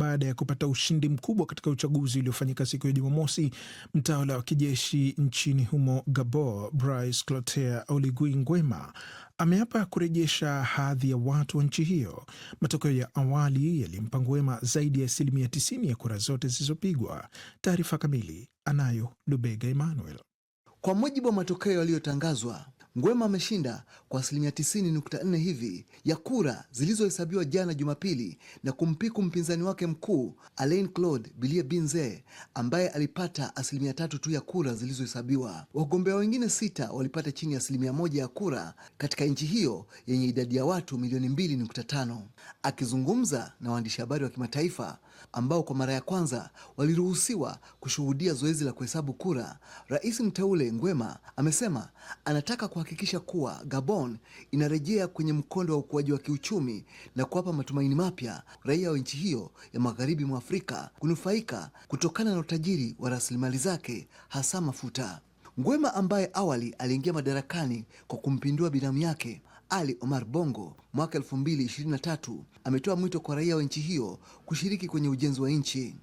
Baada ya kupata ushindi mkubwa katika uchaguzi uliofanyika siku ya Jumamosi, mtawala wa kijeshi nchini humo Gabon, Brice Clotaire Oligui Nguema ameapa kurejesha hadhi ya watu wa nchi hiyo. Matokeo ya awali yalimpa Nguema zaidi ya asilimia 90 ya kura zote zilizopigwa. Taarifa kamili anayo Lubega Emmanuel. Kwa mujibu wa matokeo yaliyotangazwa, Ngwema ameshinda kwa asilimia 90.4 hivi ya kura zilizohesabiwa jana Jumapili na kumpiku mpinzani wake mkuu Alain Claude Bilie Binze ambaye alipata asilimia tatu tu ya kura zilizohesabiwa. Wagombea wengine sita walipata chini ya asilimia moja ya kura katika nchi hiyo yenye idadi ya watu milioni 2.5. Akizungumza na waandishi habari wa kimataifa ambao kwa mara ya kwanza waliruhusiwa kushuhudia zoezi la kuhesabu kura, rais mteule Nguema amesema anataka kuhakikisha kuwa Gabon inarejea kwenye mkondo wa ukuaji wa kiuchumi na kuwapa matumaini mapya raia wa nchi hiyo ya magharibi mwa Afrika kunufaika kutokana na utajiri wa rasilimali zake hasa mafuta. Nguema ambaye awali aliingia madarakani kwa kumpindua binamu yake ali Omar Bongo mwaka 2023 ametoa mwito kwa raia wa nchi hiyo kushiriki kwenye ujenzi wa nchi.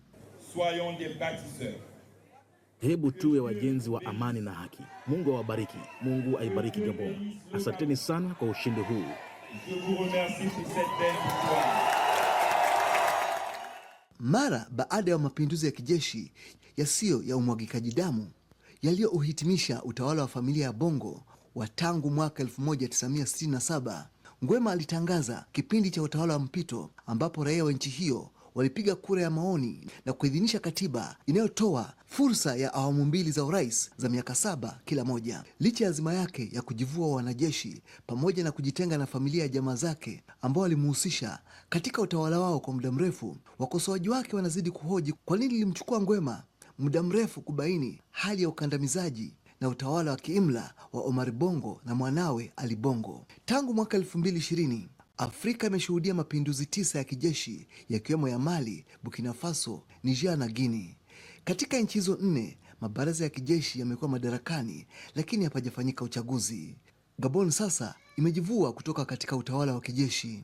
Hebu tuwe wajenzi wa amani na haki. Mungu awabariki. Mungu aibariki Gabon. Asanteni sana kwa ushindi huu. Mara baada ya mapinduzi ya kijeshi yasiyo ya umwagikaji damu yaliyouhitimisha utawala wa familia ya Bongo wa tangu mwaka 1967 Ngwema alitangaza kipindi cha utawala wa mpito ambapo raia wa nchi hiyo walipiga kura ya maoni na kuidhinisha katiba inayotoa fursa ya awamu mbili za urais za miaka saba kila moja. Licha ya azima yake ya kujivua wanajeshi pamoja na kujitenga na familia ya jamaa zake ambao walimhusisha katika utawala wao kwa muda mrefu, wakosoaji wake wanazidi kuhoji kwa nini ilimchukua Ngwema muda mrefu kubaini hali ya ukandamizaji na utawala wa kiimla wa Omar Bongo na mwanawe Ali Bongo. Tangu mwaka 2020 Afrika imeshuhudia mapinduzi tisa ya kijeshi yakiwemo ya Mali, Burkina Faso, Niger na guini Katika nchi hizo nne mabaraza ya kijeshi yamekuwa madarakani, lakini hapajafanyika uchaguzi. Gabon sasa imejivua kutoka katika utawala wa kijeshi.